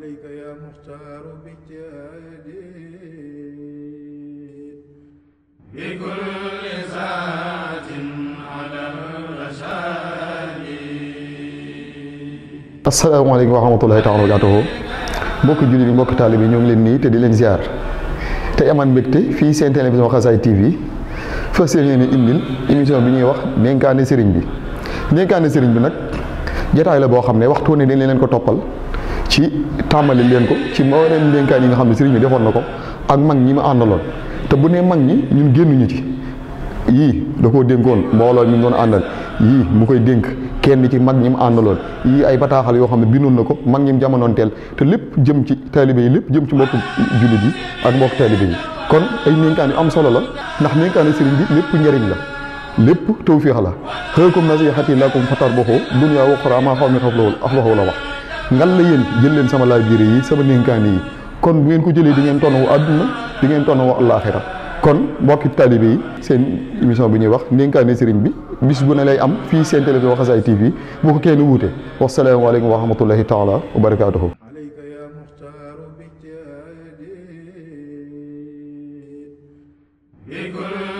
عليك يا مختار بجادي بكل ساعة على الرشاد asalaamaaleykum wa rahmatullahi taala wa barakatuhu mbokki jullit yi ñoo leen nii te di leen ziar tey amaan mbégte fii seen télévision Xasaay TV fas yéene indil émission bi ñuy wax dénkaane sëriñ bi dénkaane sëriñ bi nag jotaay la boo xam ne waxtu ne dañ leen ko toppal ci tàmbali leen ko ci ma ndénkaan yi nga xam ne sëriñ bi defoon na ko ak mag ñi mu àndaloon te bu nee mag ñi ñun génnuñu ci yii da koo dénkoon mbooloo mi doon àndal yii mu koy dénk kenn ci mag ñi mu àndaloon yii ay bataaxal yoo xam ne bindoon na ko mag ñi mu jamonoon teel te lépp jëm ci taalibe yi lépp jëm ci mbokku jullit yi ak mbokku taalibe yi kon ay ndénkaan yu am solo la ndax ndénkaani sëriñ bi lépp njariñ la lépp tawfiix la xëy comme na lakum fatar boxoo dunya wa uxra maa xaw mi xaf la wul ngal la yéen jël leen sama laabire yi sama ndénkaane yi kon bu ngeen ko jëlee di ngeen tonn wu àdduna di ngeen tonn wu àllaaxira kon mbokki taalibe yi seen émission bi ñuy wax ndénkaane sëriñ bi bis bu ne lay am fii seen télévision Wassare TV bu ko kenn wuute wasalaamaaleykum wa rahmatullahi taala wa barakaatuhu bikul